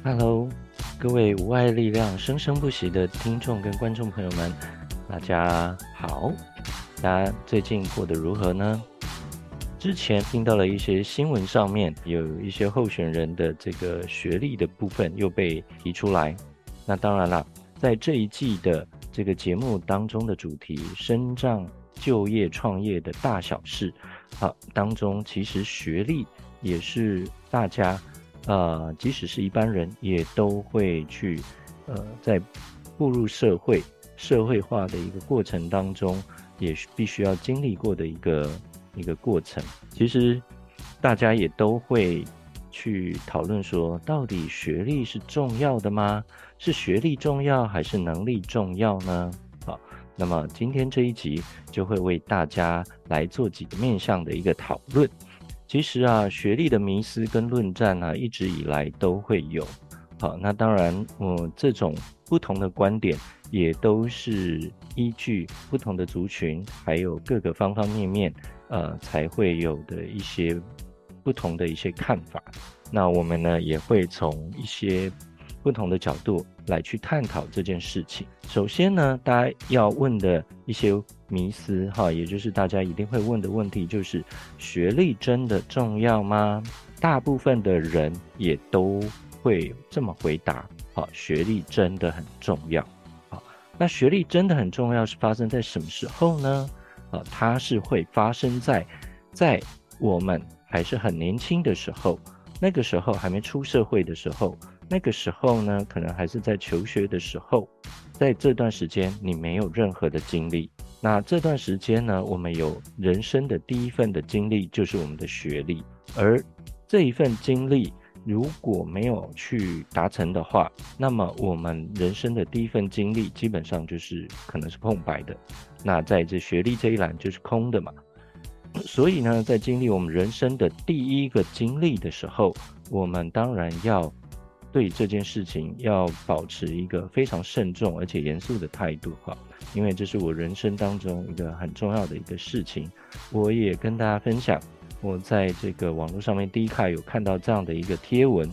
哈嘍，Hello, 各位無礙力量生聲不息的聽眾跟觀眾朋友們，大家好，大家最近過得如何呢？之前聽到了一些新聞，上面有一些候選人的這個學歷的部分又被提出來。那當然啦，在這一季的這個節目當中的主題——身障、就業、創業的大小事——好、啊，當中其實學歷也是大家。呃，即使是一般人，也都會去，呃，在步入社會社會化的一個過程當中，也是必須要經歷過的一個一個過程。其實，大家也都會去討論說，到底學歷是重要的嗎？是學歷重要還是能力重要呢？好，那麼今天這一集就會為大家來做幾個面向的一個討論。其實啊，學歷的迷思跟論戰啊，一直以來都會有。好，那當然，我、嗯、這種不同的觀點，也都是依據不同的族群，還有各個方方面面，呃，才會有的一些不同的一些看法。那我們呢，也會從一些不同的角度來去探討這件事情。首先呢，大家要問的一些迷思哈，也就是大家一定會問的問題，就是學歷真的重要嗎？大部分的人也都會這麼回答。學歷真的很重要。那學歷真的很重要是發生在什麼時候呢？啊，它是會發生在在我們還是很年輕的時候，那個時候還沒出社會的時候。那個時候呢，可能還是在求學的時候，在這段時間你沒有任何的經歷。那這段時間呢，我們有人生的第一份的經歷，就是我們的學歷。而這一份經歷如果沒有去達成的話，那麼我們人生的第一份經歷基本上就是可能是空白的。那在這學歷這一欄就是空的嘛。所以呢，在經歷我們人生的第一個經歷的時候，我們當然要。對這件事情要保持一個非常慎重而且嚴肅的態度哈，因為這是我人生當中一個很重要的一個事情。我也跟大家分享，我在這個網絡上面第一看有看到這樣的一個貼文，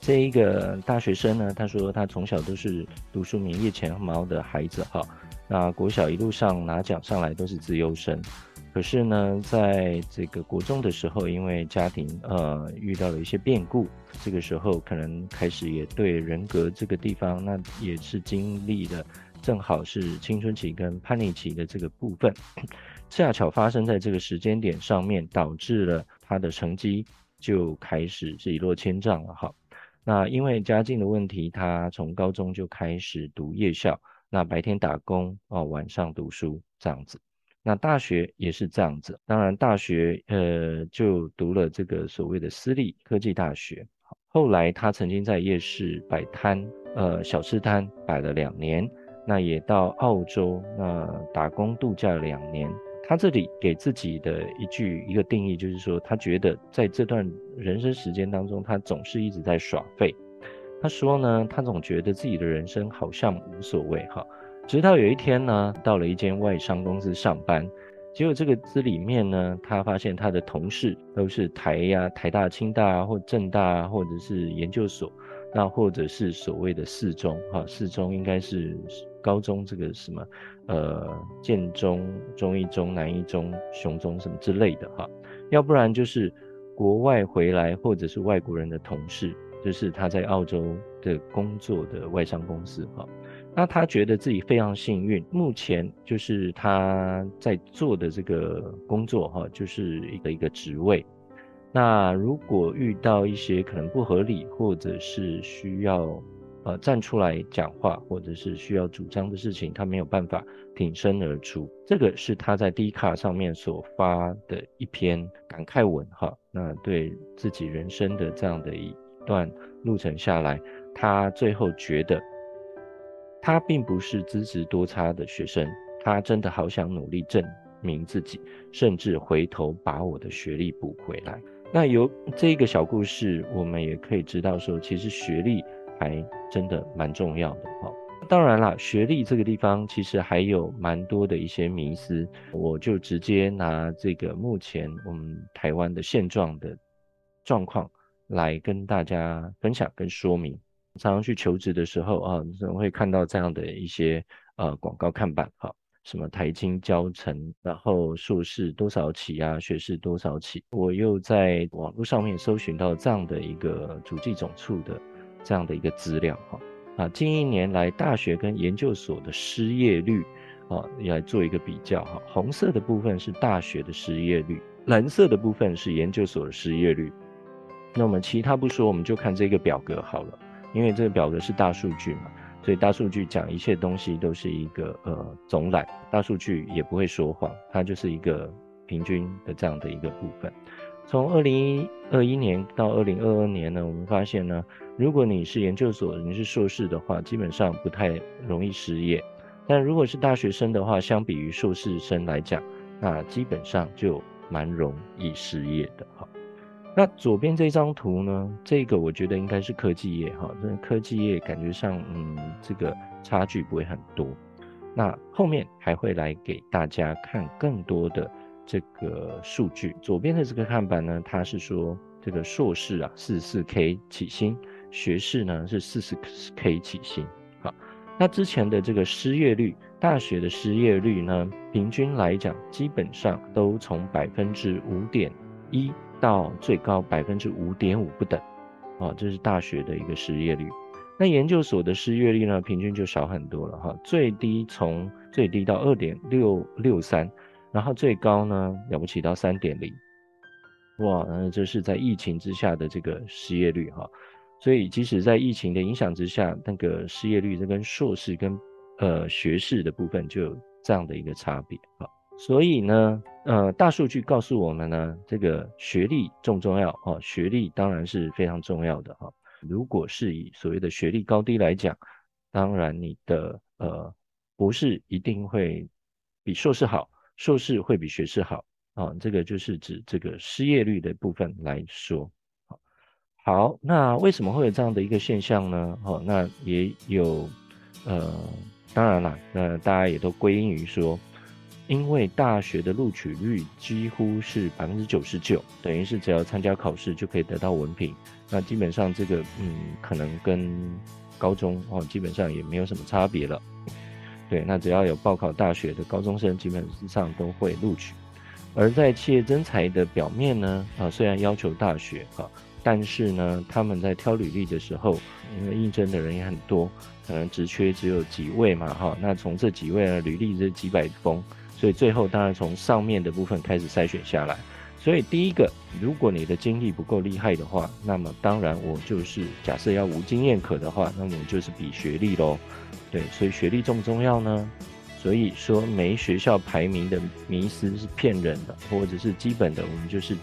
這一個大學生呢，他說他從小都是讀書名列前茅的孩子哈，那國小一路上拿獎上來都是資優生。可是呢，在這個國中的時候，因為家庭呃遇到了一些變故，這個時候可能開始也對人格這個地方，那也是經歷的正好是青春期跟叛逆期的這個部分，恰巧發生在這個時間點上面，導致了他的成績就開始是一落千丈了哈。那因為家境的問題，他從高中就開始讀夜校，那白天打工哦、呃，晚上讀書這樣子。那大學也是這樣子，當然大學，呃，就讀了這個所謂的私立科技大學。後來他曾經在夜市擺攤，呃，小吃攤擺了兩年。那也到澳洲，那，呃，打工度假兩年。他這裡給自己的一句一個定義，就是說他覺得在這段人生時間當中，他總是一直在耍廢。他說呢，他總覺得自己的人生好像無所謂，哈。直到有一天呢，到了一間外商公司上班，結果這個資裡面呢，他發現他的同事都是台呀、啊、台大、清大啊，或政大啊，或者是研究所，那或者是所謂的四中哈、啊，四中應該是高中這個什麼，呃，建中、中一中、南一中、雄中什麼之類的哈、啊，要不然就是國外回來或者是外國人的同事，就是他在澳洲的工作的外商公司哈。啊那他覺得自己非常幸運，目前就是他在做的這個工作哈，就是一個一個職位。那如果遇到一些可能不合理或者是需要，呃，站出來講話或者是需要主張的事情，他沒有辦法挺身而出。這個是他在 D 卡上面所發的一篇感慨文哈。那對自己人生的這樣的一段路程下來，他最後覺得。他並不是資質多差的學生，他真的好想努力證明自己，甚至回頭把我的學歷補回來。那由這一個小故事，我們也可以知道說，其實學歷還真的蠻重要的哦。當然啦，學歷這個地方其實還有蠻多的一些迷思，我就直接拿這個目前我們台灣的現狀的狀況來跟大家分享跟說明。常常去求職的時候啊，總會看到這樣的一些呃廣告看板哈，什麼台經教程，然後碩士多少起啊，學士多少起。我又在網絡上面搜尋到這樣的一個主計總處的這樣的一個資料哈啊，近一年來大學跟研究所的失業率啊，也來做一個比較哈，紅色的部分是大學的失業率，藍色的部分是研究所的失業率。那麼其他不說，我們就看這個表格好了。因為這個表格是大數據嘛，所以大數據講一切東西都是一個呃總覽，大數據也不會說謊，它就是一個平均的這樣的一個部分。從二零二一年到二零二二年呢，我們發現呢，如果你是研究所，你是碩士的話，基本上不太容易失業；但如果是大學生的話，相比於碩士生來講，那基本上就蠻容易失業的哈。那左邊這張圖呢？這個我覺得應該是科技業哈，因為科技業感覺上，嗯，這個差距不會很多。那後面還會來給大家看更多的這個數據。左邊的這個看板呢，它是說這個碩士啊，四四 K 起薪，學士呢是四十 K 起薪。好，那之前的這個失業率，大學的失業率呢，平均來講，基本上都從百分之五點一。到最高百分之五點五不等，啊，這是大學的一個失業率。那研究所的失業率呢，平均就少很多了哈。最低從最低到二點六六三，然後最高呢，了不起到三點零，哇，那這是在疫情之下的這個失業率哈。所以即使在疫情的影響之下，那個失業率這跟碩士跟呃學士的部分就有這樣的一個差別哈。所以呢，呃，大數據告訴我們呢，這個學歷重重要哦，學歷當然是非常重要的哈、哦。如果是以所謂的學歷高低來講，當然你的呃博士一定會比碩士好，碩士會比學士好啊、哦。這個就是指這個失業率的部分來說。好，那為什麼會有這樣的一個現象呢？哦，那也有，呃，當然啦，那大家也都歸因於說。因為大學的錄取率幾乎是百分之九十九，等於是只要參加考試就可以得到文憑。那基本上這個嗯，可能跟高中哦，基本上也沒有什麼差別了。對，那只要有報考大學的高中生，基本上都會錄取。而在企業甄才的表面呢，啊、哦，雖然要求大學哈、哦，但是呢，他們在挑履歷的時候，因、嗯、為應徵的人也很多，可能職缺只有幾位嘛哈、哦。那從這幾位履歷這幾百封。所以最後當然從上面的部分開始篩選下來，所以第一個，如果你的經歷不夠厲害的話，那麼當然我就是假設要無經驗可的話，那麼就是比學歷咯。對，所以學歷重不重要呢？所以說沒學校排名的迷思是騙人的，或者是基本的，我們就是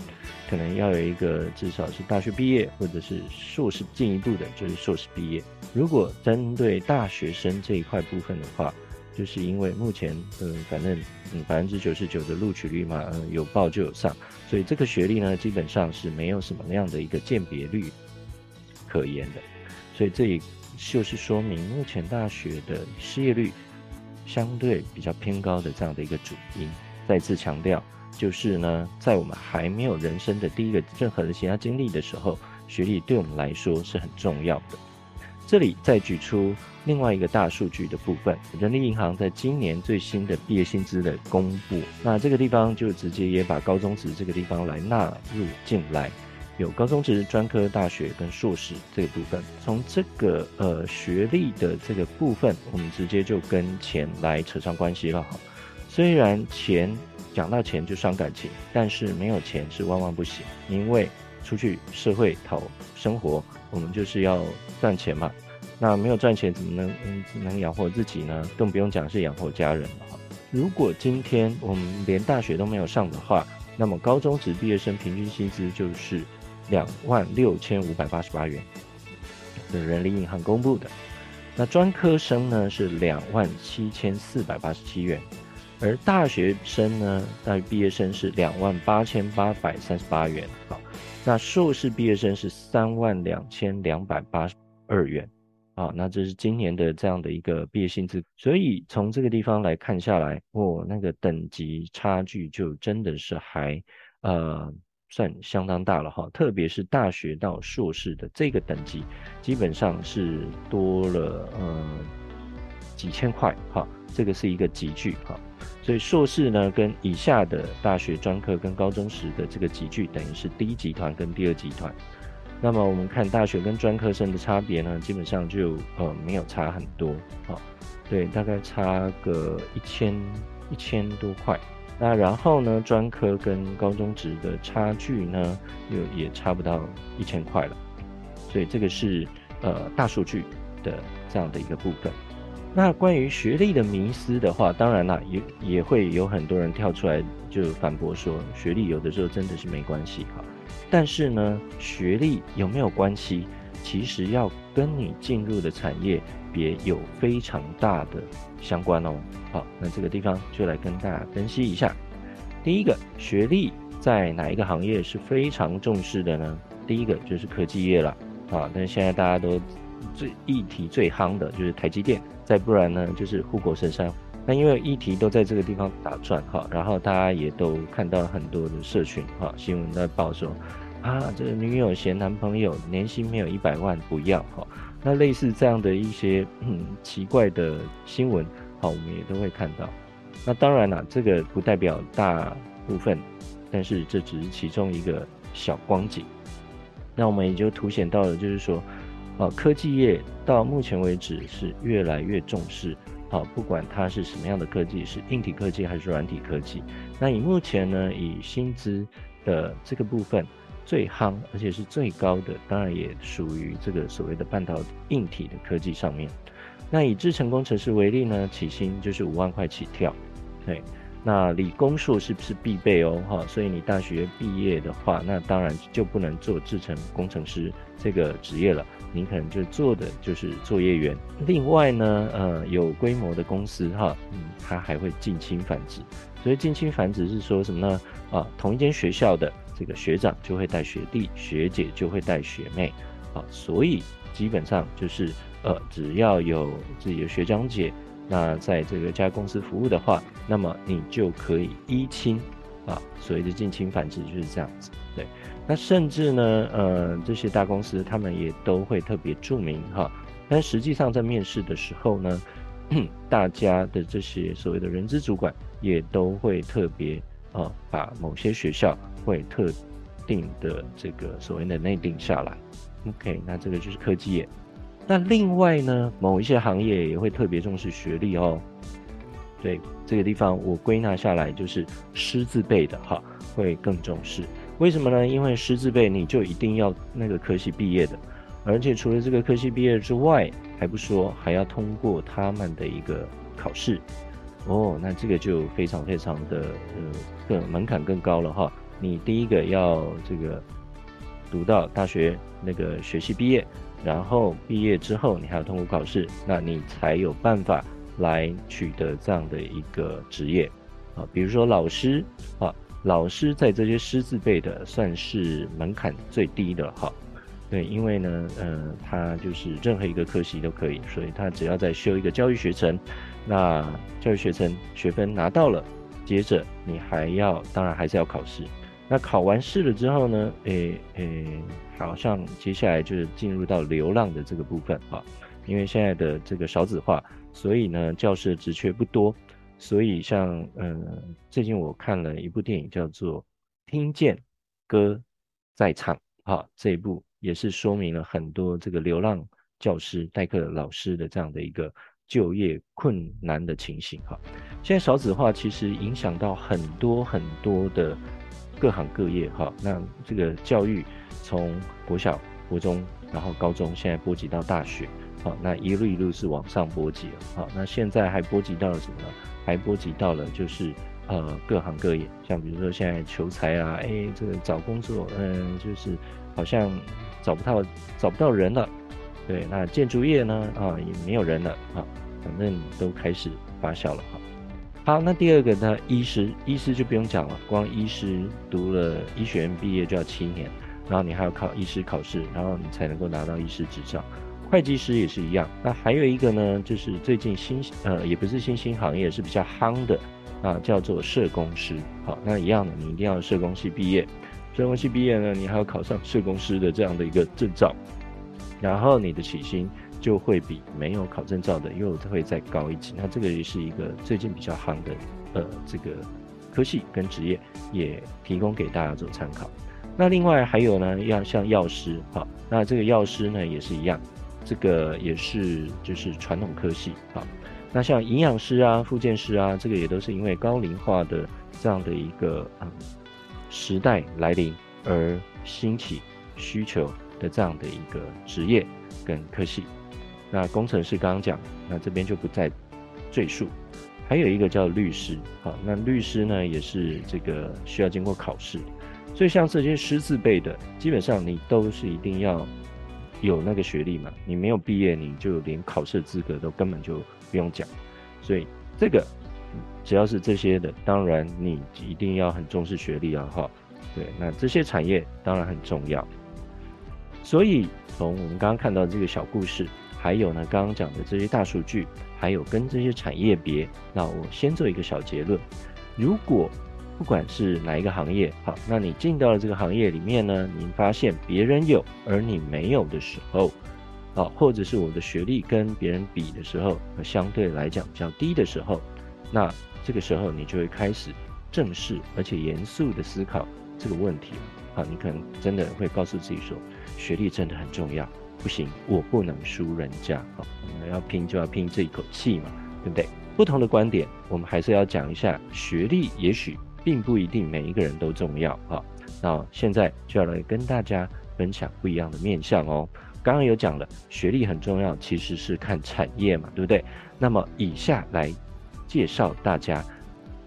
可能要有一個至少是大學畢業或者是碩士進一步的，就是碩士畢業，如果針對大學生這一塊部分的話。就是因為目前，嗯、呃，反正，嗯，百分之九十九的錄取率嘛，嗯、呃，有報就有上，所以這個學歷呢，基本上是沒有什麼樣的一個鑑別率可言的，所以這也就是說明目前大學的失業率相對比較偏高的這樣的一個主因。再次強調，就是呢，在我們還沒有人生的第一個任何的其他經歷的時候，學歷對我們來說是很重要的。這裡再舉出另外一個大數據的部分，人力銀行在今年最新的畢業薪資的公布，那這個地方就直接也把高中職這個地方來納入進來，有高中職、專科大學跟碩士這個部分。從這個呃學歷的這個部分，我們直接就跟錢來扯上關係了好。雖然錢講到錢就傷感情，但是沒有錢是萬萬不行，因為出去社會討生活。我們就是要賺錢嘛，那沒有賺錢怎麼能、嗯、能養活自己呢？更不用講是養活家人了。如果今天我們連大學都沒有上的話，那麼高中職畢業生平均薪資就是兩萬六千五百八十八元，是人力銀行公布的。那專科生呢是兩萬七千四百八十七元，而大學生呢，在畢業生是兩萬八千八百三十八元。那碩士畢業生是三萬兩千兩百八十二元，啊，那這是今年的這樣的一個畢業薪資，所以從這個地方來看下來，哦，那個等級差距就真的是還，呃，算相當大了哈，特別是大學到碩士的這個等級，基本上是多了呃幾千塊哈，啊，這個是一個集聚哈。啊所以碩士呢，跟以下的大學專科跟高中職的這個集聚，等於是第一集團跟第二集團。那麼我們看大學跟專科生的差別呢，基本上就呃沒有差很多啊、哦。對，大概差個一千一千多塊。那然後呢，專科跟高中職的差距呢，又也差不到一千塊了。所以這個是呃大數據的這樣的一個部分。那關於學歷的迷思的話，當然啦，也也會有很多人跳出來就反駁說，學歷有的時候真的是沒關係哈。但是呢，學歷有沒有關係，其實要跟你進入的產業別有非常大的相關哦。好，那這個地方就來跟大家分析一下。第一個，學歷在哪一個行業是非常重視的呢？第一個就是科技業了啊。但是現在大家都最一提最夯的就是台積電。再不然呢，就是護國神山。那因為議題都在這個地方打轉哈，然後大家也都看到了很多的社群哈新聞在報說，啊，這個女友嫌男朋友年薪沒有一百萬不要哈。那類似這樣的一些、嗯、奇怪的新聞好，我們也都會看到。那當然了、啊，這個不代表大部分，但是這只是其中一個小光景。那我們也就凸顯到了，就是說。啊、哦，科技業到目前為止是越來越重視，好、哦，不管它是什麼樣的科技，是硬體科技還是軟體科技，那以目前呢，以薪資的這個部分最夯，而且是最高的，當然也屬於這個所謂的半導體硬體的科技上面。那以製程工程師為例呢，起薪就是五萬塊起跳，對。那理工碩士是不是必備哦？哈，所以你大學畢業的話，那當然就不能做制程工程師這個職業了，你可能就做的就是作業員。另外呢，呃，有規模的公司哈，嗯，它還會近親繁殖。所以近親繁殖是說什麼呢？啊、呃，同一間學校的這個學長就會帶學弟，學姐就會帶學妹，啊、呃，所以基本上就是呃，只要有自己的學長姐。那在這個家公司服務的話，那麼你就可以依親，啊，所謂的近親繁殖就是這樣子。對，那甚至呢，呃，這些大公司他們也都會特別註明哈、啊，但實際上在面試的時候呢，大家的這些所謂的人資主管也都會特別，呃、啊，把某些學校會特定的這個所謂的內定下來。OK，那這個就是科技業。那另外呢，某一些行業也會特別重視學歷哦。對，這個地方，我歸納下來就是“師字輩”的哈，會更重視。為什麼呢？因為“師字輩”你就一定要那個科系畢業的，而且除了這個科系畢業之外，還不說還要通過他們的一個考試。哦，那這個就非常非常的呃，更門檻更高了哈。你第一個要這個讀到大學那個學系畢業。然後畢業之後，你還要通過考試，那你才有辦法來取得這樣的一個職業，啊，比如說老師，啊，老師在這些師字輩的算是門檻最低的哈，對，因為呢，呃，他就是任何一個科系都可以，所以他只要再修一個教育學程，那教育學程學分拿到了，接着你還要，當然還是要考試，那考完試了之後呢，誒、欸、誒。欸好像接下來就是進入到流浪的這個部分哈、啊，因為現在的這個少子化，所以呢教師職缺不多，所以像嗯最近我看了一部電影叫做《聽見歌在唱》哈、啊，這一部也是說明了很多這個流浪教師代課老師的這樣的一個就業困難的情形哈、啊。現在少子化其實影響到很多很多的。各行各業哈，那這個教育從國小、國中，然後高中，現在波及到大學，好，那一路一路是往上波及了，好，那現在還波及到了什麼呢？還波及到了就是呃各行各業，像比如說現在求才啊，哎、欸，這個找工作，嗯，就是好像找不到找不到人了，對，那建築業呢，啊，也沒有人了，啊，反正都開始發酵了，哈。好，那第二個呢？醫師，醫師就不用講了，光醫師讀了醫學院畢業就要七年，然後你還要考醫師考試，然後你才能夠拿到醫師執照。會計師也是一樣，那還有一個呢，就是最近新呃，也不是新興行業，是比較夯的，啊，叫做社工師。好，那一樣的，你一定要社工系畢業，社工系畢業呢，你還要考上社工師的這樣的一個證照，然後你的起薪，就會比沒有考證照的，又會再高一級。那這個也是一個最近比較夯的，呃，這個科系跟職業也提供給大家做參考。那另外還有呢，要像藥師，好，那這個藥師呢也是一樣，這個也是就是傳統科系。好，那像營養師啊、復健師啊，這個也都是因為高齡化的這樣的一個嗯時代來臨而興起需求的這樣的一個職業跟科系。那工程師剛剛講，那這邊就不再贅述。還有一個叫律師，哈，那律師呢也是這個需要經過考試。所以像這些師字輩的，基本上你都是一定要有那個學歷嘛。你沒有畢業，你就連考試資格都根本就不用講。所以這個只要是這些的，當然你一定要很重視學歷啊，哈。對，那這些產業當然很重要。所以從我們剛剛看到的這個小故事。還有呢，剛剛講的這些大數據，還有跟這些產業別，那我先做一個小結論。如果不管是哪一個行業，好，那你進到了這個行業裡面呢，你發現別人有而你沒有的時候，好，或者是我的學歷跟別人比的時候，相對來講比較低的時候，那這個時候你就會開始正式而且嚴肅地思考這個問題了。好，你可能真的會告訴自己說，學歷真的很重要。不行，我不能輸人家啊！哦、我們要拼就要拼這一口氣嘛，對不對？不同的觀點，我們還是要講一下。學歷也許並不一定每一個人都重要啊、哦。那現在就要來跟大家分享不一樣的面相面向哦。剛剛有講了，學歷很重要，其實是看產業嘛，對不對？那麼以下來介紹大家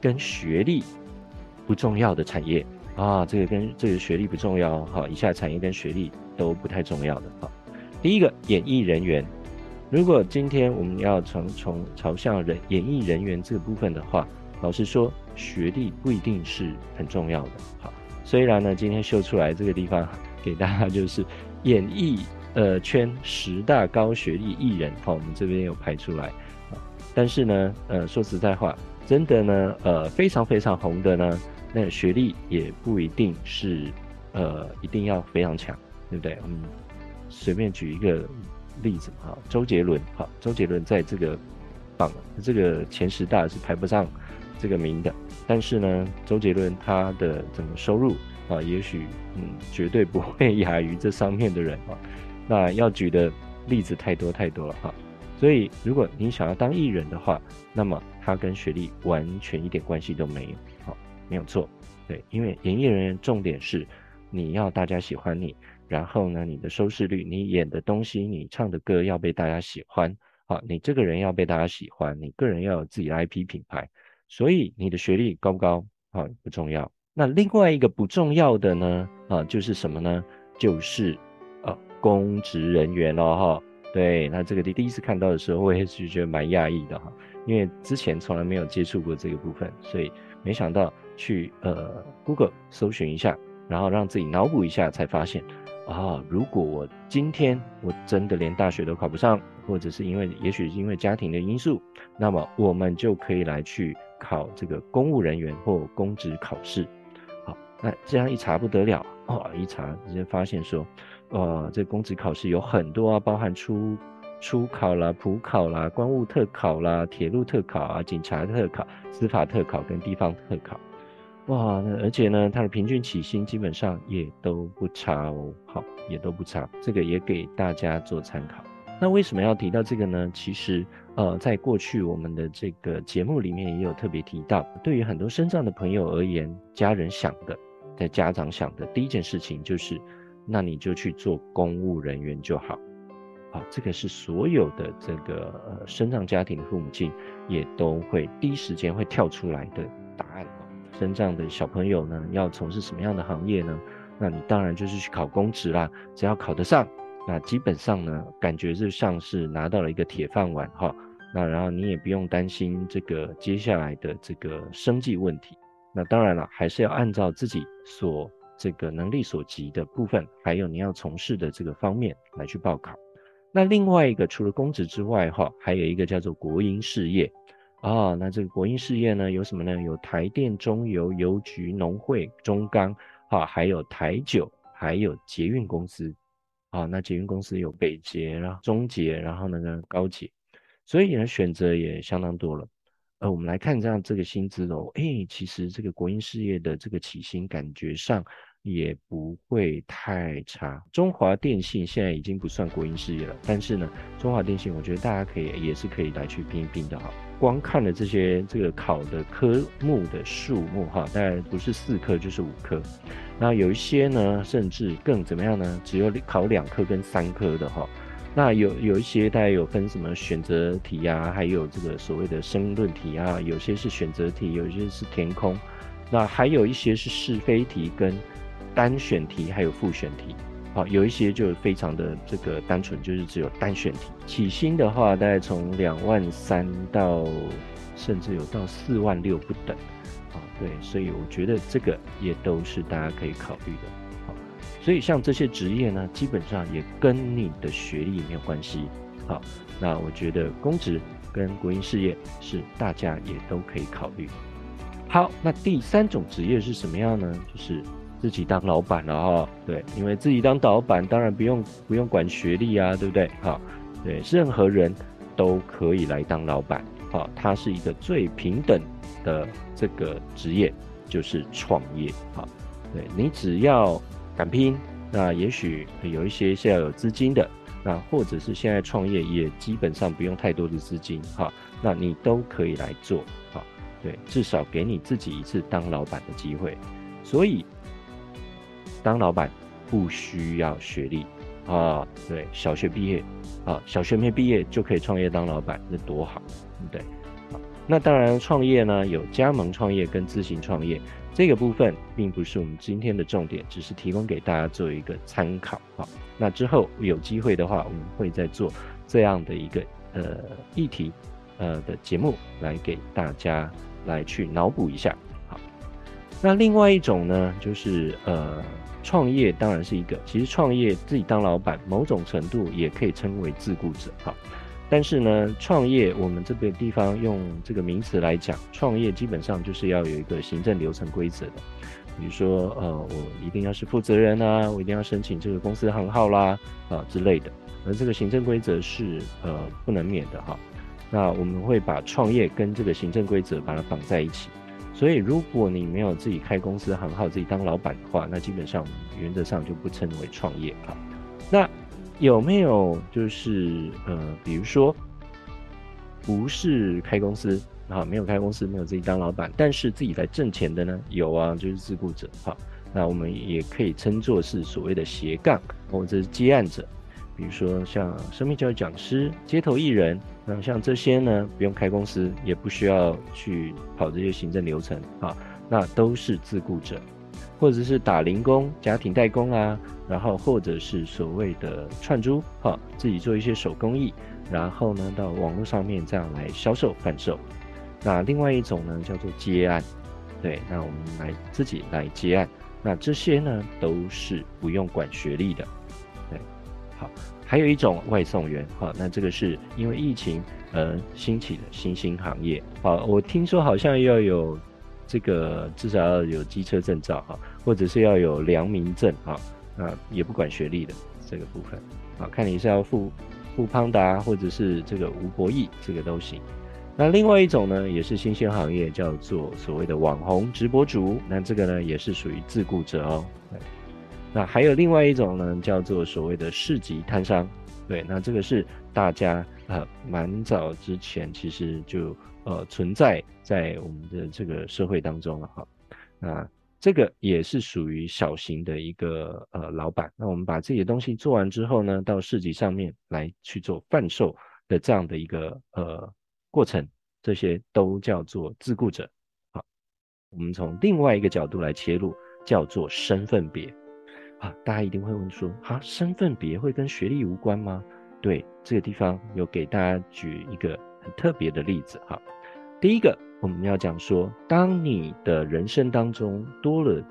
跟學歷不重要的產業啊，這個跟這個學歷不重要哈、哦。以下產業跟學歷都不太重要的哈。哦第一個，演藝人員，如果今天我們要從從朝向人演藝人員這個部分的話，老實說，學歷不一定是很重要的。好，雖然呢今天秀出來這個地方給大家就是演藝呃圈十大高學歷藝人，好，我們這邊有排出來，好，但是呢呃說實在話，真的呢呃非常非常紅的呢，那學歷也不一定是呃一定要非常強，對不對？嗯。隨便舉一個例子哈，周杰倫哈，周杰倫在這個榜，這個前十大是排不上這個名的，但是呢，周杰倫他的整個收入啊，也許嗯絕對不會亞於這上面的人啊。那要舉的例子太多太多了哈，所以如果你想要當藝人的話，那麼他跟學歷完全一點關係都沒有。好，沒有錯，對，因為演藝人員重點是你要大家喜歡你。然後呢，你的收視率，你演的東西，你唱的歌要被大家喜歡，啊、你這個人要被大家喜歡，你個人要有自己的 IP 品牌，所以你的學歷高不高啊？不重要。那另外一個不重要的呢，啊，就是什麼呢？就是呃、啊，公職人員咯，哈。對，那這個第第一次看到的時候，我也是覺得蠻訝異的哈，因為之前從來沒有接觸過這個部分，所以沒想到去呃 Google 搜尋一下，然後讓自己腦補一下，才發現。啊、哦，如果我今天我真的連大學都考不上，或者是因為，也許是因為家庭的因素，那麼我們就可以來去考這個公務人員或公職考試。好，那這樣一查不得了，啊、哦，一查直接發現說，呃，這公職考試有很多啊，包含初初考啦、普考啦、關務特考啦、鐵路特考啊、警察特考、司法特考跟地方特考。哇，那而且呢，它的平均起薪基本上也都不差哦，好，也都不差，這個也給大家做參考。那為什麼要提到這個呢？其實，呃，在過去我們的這個節目裡面也有特別提到，對於很多身障的朋友而言，家人想的，在家長想的第一件事情就是，那你就去做公務人員就好，啊，這個是所有的這個呃身障家庭的父母親也都會第一時間會跳出來的答案。這樣的小朋友呢，要從事什麼樣的行業呢？那你當然就是去考公職啦。只要考得上，那基本上呢，感覺就像是拿到了一個鐵飯碗哈。那然後你也不用擔心這個接下來的這個生計問題。那當然了，還是要按照自己所這個能力所及的部分，還有你要從事的這個方面來去報考。那另外一個除了公職之外哈，還有一個叫做國營事業。啊、哦，那這個國營事業呢，有什麼呢？有台電、中油、郵局、農會、中鋼，哈、哦，還有台酒，還有捷運公司，啊、哦，那捷運公司有北捷、然後中捷，然後那個高捷，所以呢選擇也相當多了。呃，我們來看這樣這個薪資的，哎，其實這個國營事業的這個起薪感覺上也不會太差。中華電信現在已經不算國營事業了，但是呢，中華電信我覺得大家可以也是可以來去拼一拼的哈。光看了這些，這個考的科目的數目哈，當然不是四科就是五科，那有一些呢，甚至更怎麼樣呢？只有考兩科跟三科的哈，那有有一些，大概有分什麼選擇題啊，還有這個所謂的申論題啊，有些是選擇題，有些是填空，那還有一些是是非題跟單選題，還有複選題。好，有一些就非常的這個單純，就是只有單選題。起薪的話，大概從兩萬三到甚至有到四萬六不等。啊，對，所以我覺得這個也都是大家可以考慮的。好，所以像這些職業呢，基本上也跟你的學歷沒有關係。好，那我覺得公職跟國營事業是大家也都可以考慮。好，那第三種職業是什麼樣呢？就是。自己當老闆了哈、喔，對，因為自己當老闆，當然不用不用管學歷啊，對不對？哈，對，任何人都可以來當老闆，好，他是一個最平等的這個職業，就是創業，好，對，你只要敢拼，那也許有一些是要有資金的，那或者是現在創業也基本上不用太多的資金，好，那你都可以來做，好，對，至少給你自己一次當老闆的機會，所以。當老闆不需要學歷啊、哦，對，小學畢業啊、哦，小學沒畢業就可以創業當老闆，那多好，對不對？好，那當然，創業呢有加盟創業跟自行創業這個部分，並不是我們今天的重點，只是提供給大家做一個參考啊。好，那之後有機會的話，我們會再做這樣的一個呃議題呃的節目來給大家來去腦補一下。好，那另外一種呢，就是呃。創業當然是一個，其實創業自己當老闆，某種程度也可以稱為自雇者哈。但是呢，創業我們這個地方用這個名詞來講，創業基本上就是要有一個行政流程規則的，比如說呃，我一定要是負責人啊，我一定要申請這個公司的行號啦啊、呃、之類的，而這個行政規則是呃不能免的哈、哦。那我們會把創業跟這個行政規則把它綁在一起。所以，如果你沒有自己開公司、行號、自己當老闆的話，那基本上原則上就不稱為創業哈，那有沒有就是呃，比如說不是開公司哈，沒有開公司，沒有自己當老闆，但是自己來掙錢的呢？有啊，就是自雇者哈，那我們也可以稱作是所謂的斜槓，或者，哦，是接案者，比如說像生命教育講師、街頭藝人。那像這些呢，不用開公司，也不需要去跑這些行政流程啊，那都是自雇者，或者是打零工、家庭代工啊，然後或者是所謂的串珠哈，啊，自己做一些手工藝，然後呢到網絡上面這樣來銷售販售。那另外一種呢叫做接案，對，那我們來自己來接案。那這些呢都是不用管學歷的，對。好，還有一種外送員，好、哦，那這個是因為疫情而興起的新興行業。好，我聽說好像要有，這個至少要有機車證照，哈，或者是要有良民證，啊、哦，啊也不管學歷的這個部分，好，看你是要富富胖達或者是這個吳柏毅，這個都行。那另外一種呢，也是新興行業，叫做所謂的網紅直播主，那這個呢，也是屬於自雇者哦。那還有另外一種呢，叫做所謂的市集攤商，對，那這個是大家呃蠻早之前其實就呃存在在我們的這個社會當中了哈。那這個也是屬於小型的一個呃老闆，那我們把這些的東西做完之後呢，到市集上面來去做販售的這樣的一個呃過程，這些都叫做自雇者。好，我們從另外一個角度來切入，叫做身份別。啊，大家一定會問說，啊，身份別會跟學歷無關嗎？對，這個地方有給大家舉一個很特別的例子哈、啊。第一個，我們要講說，當你的人生當中多了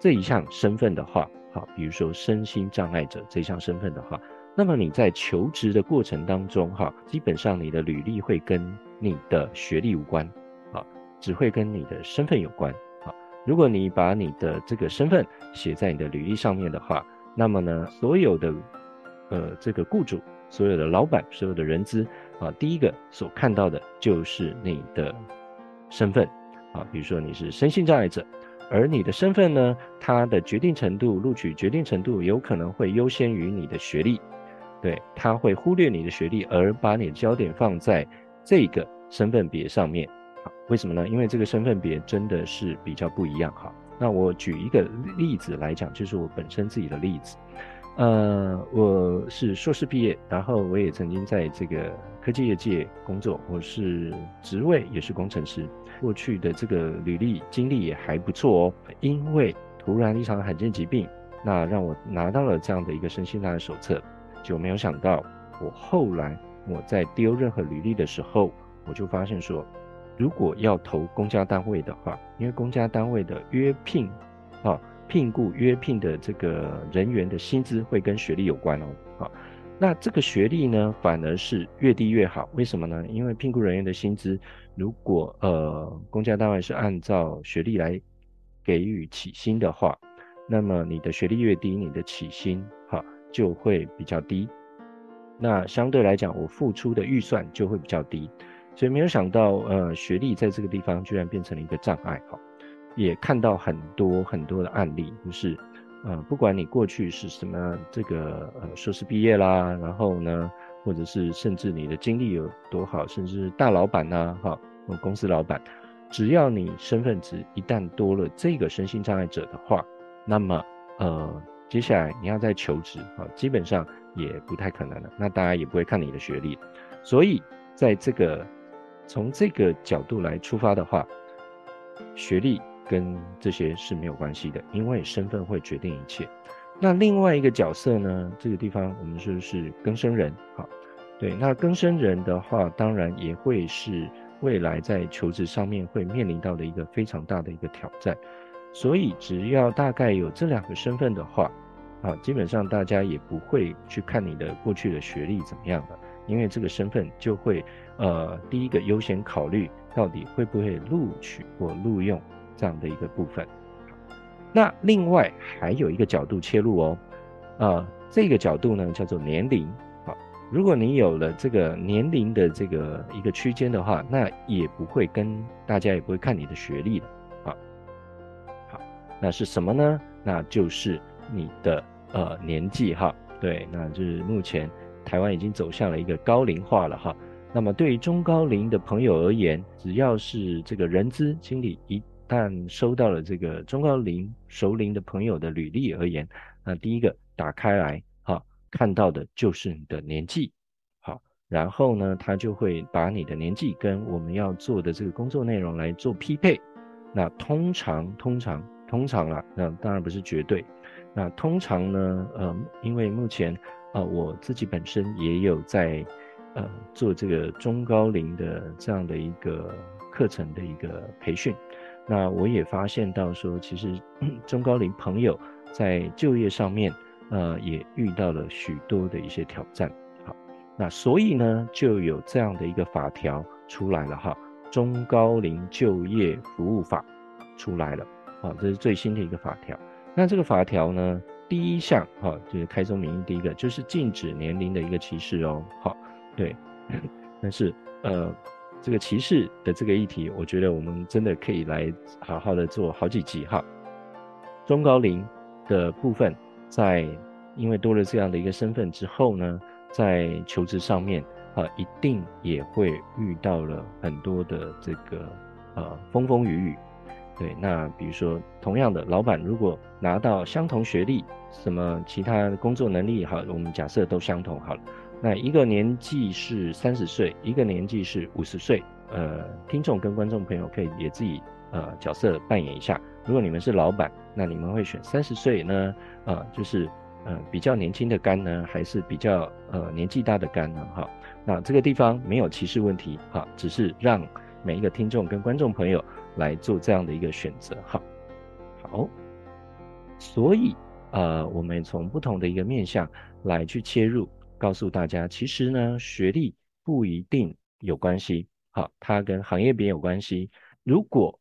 這一項身份的話，好、啊，比如說身心障礙者這一項身份的話，那麼你在求職的過程當中，哈、啊，基本上你的履歷會跟你的學歷無關，啊，只會跟你的身份有關。如果你把你的這個身份寫在你的履歷上面的話，那麼呢，所有的，呃，這個僱主、所有的老闆、所有的人資啊，第一個所看到的就是你的身份啊。比如說你是身心障礙者，而你的身份呢，它的決定程度、錄取決定程度，有可能會優先於你的學歷，對，他會忽略你的學歷，而把你的焦點放在這個身份別上面。為什麼呢？因為這個身份別真的是比較不一樣哈。那我舉一個例子來講，就是我本身自己的例子。呃，我是碩士畢業，然後我也曾經在這個科技業界工作，我是職位也是工程師，過去的這個履歷經歷也還不錯哦。因為突然一場罕見疾病，那讓我拿到了這樣的一個身心大的手冊，就沒有想到我後來我在丟任何履歷的時候，我就發現說。如果要投公家單位的話，因為公家單位的約聘，啊，聘僱約聘的這個人員的薪資會跟學歷有關哦、啊，那這個學歷呢，反而是越低越好，為什麼呢？因為聘僱人員的薪資，如果呃，公家單位是按照學歷來給予起薪的話，那麼你的學歷越低，你的起薪哈、啊、就會比較低，那相對來講，我付出的預算就會比較低。所以沒有想到，呃，學歷在這個地方居然變成了一個障礙。哈、哦，也看到很多很多的案例，就是，呃，不管你過去是什麼，這個呃，碩士畢業啦，然後呢，或者是甚至你的經歷有多好，甚至大老闆吶、啊，哈、哦，公司老闆，只要你身份值一旦多了這個身心障礙者的話，那麼，呃，接下來你要再求職，啊、哦，基本上也不太可能了。那大家也不會看你的學歷，所以在這個。從這個角度來出發的話，學歷跟這些是沒有關係的，因為身份會決定一切。那另外一個角色呢？這個地方我們說是更生人，啊，對。那更生人的話，當然也會是未來在求職上面會面臨到的一個非常大的一個挑戰。所以只要大概有這兩個身份的話，啊，基本上大家也不會去看你的過去的學歷怎麼樣的。因為這個身份就會，呃，第一個優先考慮到底會不會錄取或錄用這樣的一個部分。那另外還有一個角度切入哦，呃，這個角度呢叫做年齡。好，如果你有了這個年齡的這個一個區間的話，那也不會跟大家也不會看你的學歷了。好，好，那是什麼呢？那就是你的呃年紀哈。對，那就是目前。台灣已經走向了一個高齡化了哈，那麼對於中高齡的朋友而言，只要是這個人資經理一旦收到了這個中高齡熟齡的朋友的履歷而言，那第一個打開來哈，看到的就是你的年紀，好，然後呢，他就會把你的年紀跟我們要做的這個工作內容來做匹配，那通常通常通常了、啊，那當然不是絕對，那通常呢，呃、嗯，因為目前。啊、呃，我自己本身也有在，呃，做這個中高齡的這樣的一個課程的一個培訓，那我也發現到說，其實、嗯、中高齡朋友在就業上面，呃，也遇到了許多的一些挑戰。好，那所以呢，就有這樣的一個法條出來了哈，中高齡就業服務法出來了，好、哦，這是最新的一個法條。那這個法條呢？第一項哈、哦，就是開宗明義，第一個就是禁止年齡的一個歧視哦。哈、哦，對， 但是呃，這個歧視的這個議題，我覺得我們真的可以來好好的做好幾集哈、哦。中高齡的部分，在因為多了這樣的一個身份之後呢，在求職上面啊、呃，一定也會遇到了很多的這個呃風風雨雨。對，那比如說，同樣的老板如果拿到相同學歷，什麼其他工作能力也好，我們假設都相同好了。那一個年紀是三十歲，一個年紀是五十歲。呃，聽眾跟觀眾朋友可以也自己呃角色扮演一下。如果你們是老板，那你們會選三十歲呢，呃，就是呃比較年輕的肝呢，還是比較呃年紀大的肝呢？哈，那這個地方沒有歧視問題哈，只是讓。每一個聽眾跟觀眾朋友來做這樣的一個選擇，好好，所以呃，我們從不同的一個面向來去切入，告訴大家，其實呢，學歷不一定有關係，好，它跟行業別有關係。如果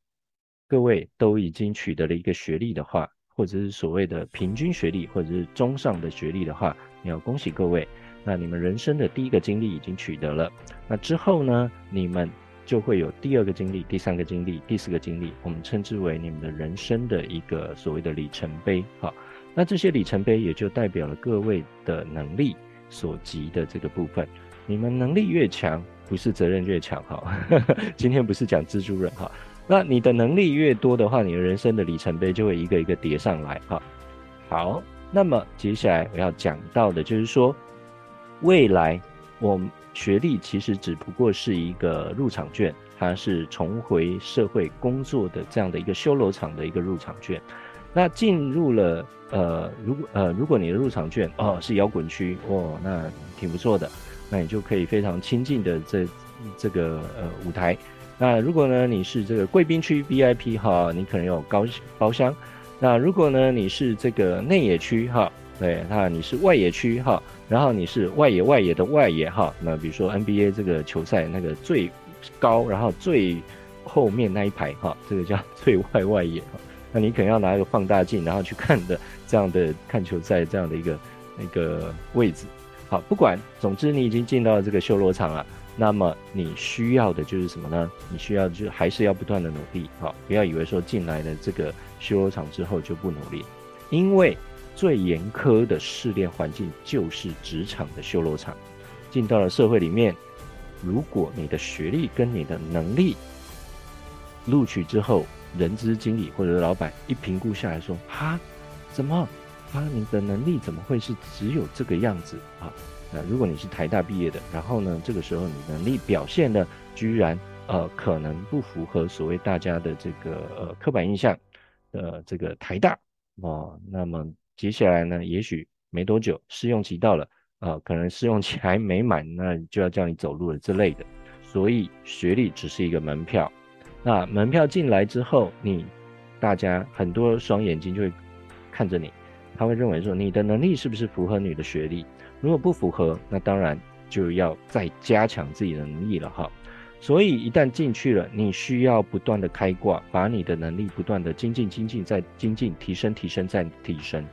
各位都已經取得了一個學歷的話，或者是所謂的平均學歷，或者是中上的學歷的話，你要恭喜各位，那你們人生的第一個經歷已經取得了。那之後呢，你們。就會有第二個經歷、第三個經歷、第四個經歷，我們稱之為你們的人生的一個所謂的里程碑哈、哦。那這些里程碑也就代表了各位的能力所及的這個部分。你們能力越強，不是責任越強哈、哦。今天不是講蜘蛛人哈、哦。那你的能力越多的話，你的人生的里程碑就會一個一個疊上來哈、哦。好，那麼接下來我要講到的就是說未來。我學歷其實只不過是一個入場券，它是重回社會工作的這樣的一個修羅場的一個入場券。那進入了呃，如果呃，如果你的入場券哦是搖滾區哦，那挺不錯的，那你就可以非常親近的這這個呃舞台。那如果呢你是這個貴賓區 VIP 哈，你可能有高包廂。那如果呢你是這個內野區哈。對，那你是外野區哈，然後你是外野外野的外野哈。那比如說 NBA 這個球賽，那個最高然後最後面那一排哈，這個叫最外外野哈。那你可能要拿一個放大鏡，然後去看的這樣的看球賽這樣的一個那個位置。好，不管，總之你已經進到了這個修羅場了，那麼你需要的就是什麼呢？你需要就還是要不斷的努力。哈，不要以為說進來了這個修羅場之後就不努力，因為。最嚴苛的試煉環境就是職場的修羅場。進到了社會裡面，如果你的學歷跟你的能力錄取之後，人資經理或者老闆一評估下來說：“哈，怎麼？啊，你的能力怎麼會是只有這個樣子啊？”那、呃、如果你是台大畢業的，然後呢，這個時候你能力表現呢，居然呃可能不符合所謂大家的這個呃刻板印象呃，這個台大啊、哦，那麼。接下來呢，也許沒多久，試用期到了，呃，可能試用期還沒滿，那就要叫你走路了之類的。所以學歷只是一個門票，那門票進來之後，你大家很多雙眼睛就會看着你，他會認為說你的能力是不是符合你的學歷？如果不符合，那當然就要再加強自己的能力了哈。所以一旦進去了，你需要不斷的開掛，把你的能力不斷的精進、精進、再精進、提升、提升、再提升。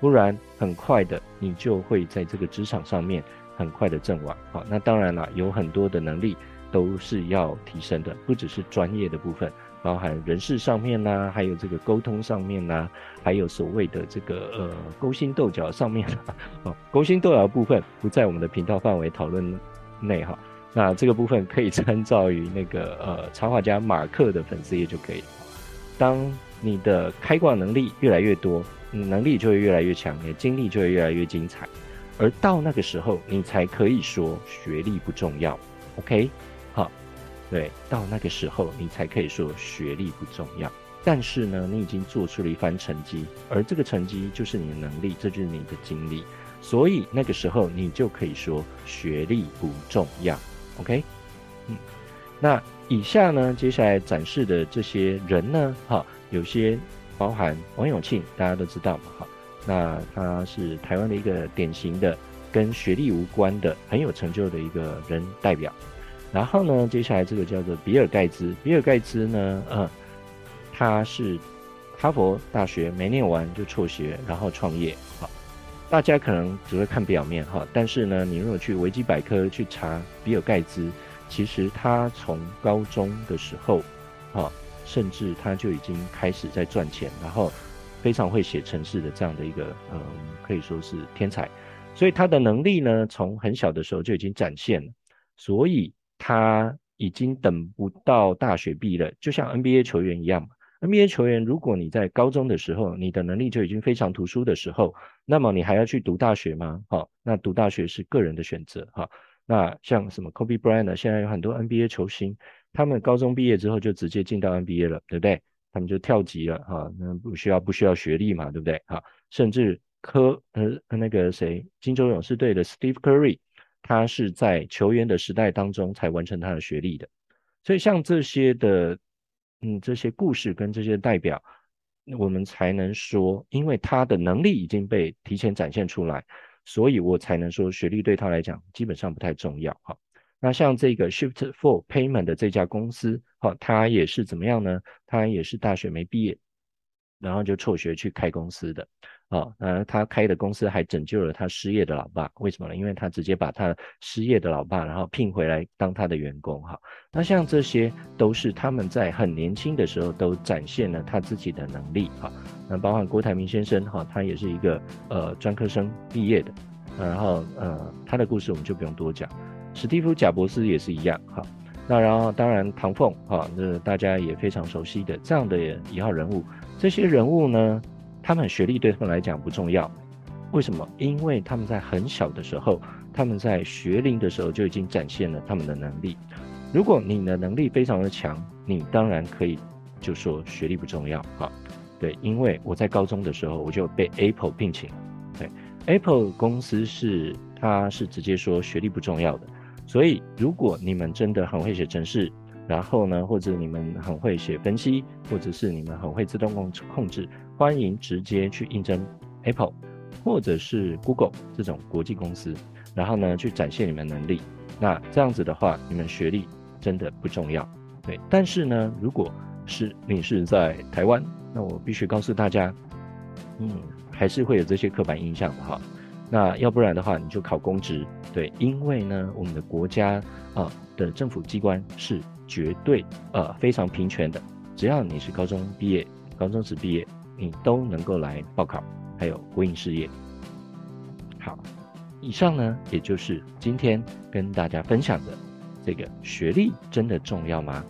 不然，很快的，你就會在這個職場上面很快的陣亡。好，那當然啦，有很多的能力都是要提升的，不只是專業的部分，包含人事上面吶、啊，還有這個溝通上面吶、啊，還有所謂的這個呃勾心鬥角上面。哦，勾心鬥角的部分不在我們的頻道範圍討論內哈。那這個部分可以參照於那個呃插畫家馬克的粉絲頁就可以。當你的開掛能力越來越多。能力就會越來越強，你的經歷就會越來越精彩，而到那個時候，你才可以說學歷不重要。OK，好，對，到那個時候，你才可以說學歷不重要。但是呢，你已經做出了一番成績，而這個成績就是你的能力，這就是你的經歷，所以那個時候，你就可以說學歷不重要。OK，嗯，那以下呢，接下來展示的這些人呢，哈，有些。包含王永慶，大家都知道嘛，哈，那他是台灣的一個典型的跟學歷無關的很有成就的一個人代表。然後呢，接下來這個叫做比爾蓋茨，比爾蓋茨呢，嗯，他是哈佛大學沒唸完就輟學，然後創業，哈、哦。大家可能只會看表面，哈、哦，但是呢，你如果去維基百科去查比爾蓋茨，其實他從高中的時候，哈、哦。甚至他就已經開始在賺錢，然後非常會寫程式的這樣的一個呃、嗯，可以說是天才。所以他的能力呢，從很小的時候就已經展現了。所以他已經等不到大學畢業了，就像 NBA 球員一樣。NBA 球員，如果你在高中的時候你的能力就已經非常突出的時候，那麼你還要去讀大學嗎？好、哦，那讀大學是個人的選擇哈。哦那像什麼 Kobe Bryant 現在有很多 NBA 球星，他們高中畢業之後就直接進到 NBA 了，對不對？他們就跳級了，哈、啊，那不需要不需要學歷嘛，對不對？哈、啊，甚至科呃那個誰，金州勇士隊的 Steve Curry，他是在球員的時代當中才完成他的學歷的，所以像這些的，嗯，這些故事跟這些代表，我們才能說，因為他的能力已經被提前展現出來。所以我才能說學歷對他來講基本上不太重要哈、啊。那像這個 Shift4 Payments 的這家公司哈、啊，他也是怎麼樣呢？他也是大學沒畢業，然後就輟學去開公司的啊。那他開的公司還拯救了他失業的老爸，為什麼呢？因為他直接把他失業的老爸，然後聘回來當他的員工哈、啊。那像這些都是他們在很年輕的時候都展現了他自己的能力哈、啊。那包含郭台銘先生哈，他也是一個呃專科生畢業的，然後呃他的故事我們就不用多講。史蒂夫賈伯斯也是一樣哈，那然後當然唐鳳哈，哦，那大家也非常熟悉的這樣的一號人物，這些人物呢，他們學歷對他們來講不重要，為什麼？因為他們在很小的時候，他們在學齡的時候就已經展現了他們的能力。如果你的能力非常的強，你當然可以就說學歷不重要哈。對，因為我在高中的時候我就被 Apple 聘請。對，Apple 公司是，它是直接說學歷不重要的，所以如果你們真的很會寫程式，然後呢，或者你們很會寫分析，或者是你們很會自動控控制，歡迎直接去應徵 Apple 或者是 Google 這種國際公司，然後呢，去展現你們能力。那這樣子的話，你們學歷真的不重要。對，但是呢，如果是你是在台灣。那我必須告訴大家，嗯，還是會有這些刻板印象的哈。那要不然的話，你就考公職，對，因為呢，我們的國家啊、呃、的政府機關是絕對呃非常平權的，只要你是高中畢業，高中職畢業，你都能夠來報考，還有國營事業。好，以上呢，也就是今天跟大家分享的這個學歷真的重要嗎？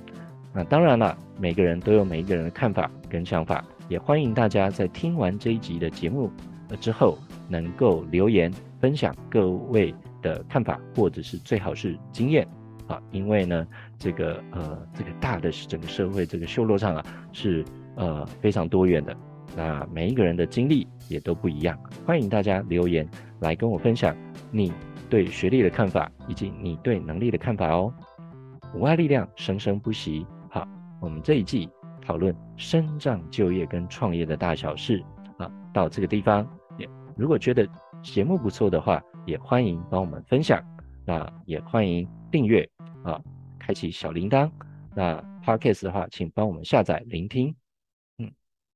那當然了，每個人都有每一個人的看法跟想法，也歡迎大家在聽完這一集的節目呃之後，能夠留言分享各位的看法，或者是最好是經驗啊，因為呢，這個呃這個大的整個社會這個修羅場啊是呃非常多元的，那每一個人的經歷也都不一樣，歡迎大家留言來跟我分享你對學歷的看法，以及你對能力的看法哦。無礙力量生聲不息。我們這一季討論身障、就業跟創業的大小事啊，到這個地方也，如果覺得節目不錯的話，也歡迎幫我們分享。那、啊、也歡迎訂閱啊，開啟小鈴鐺。那 Podcast 的話，請幫我們下載聆聽，嗯，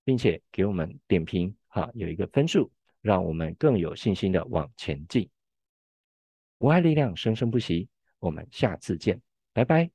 並且給我們點評啊，有一個分數，讓我們更有信心的往前進。無礙力量生聲不息，我們下次見，拜拜。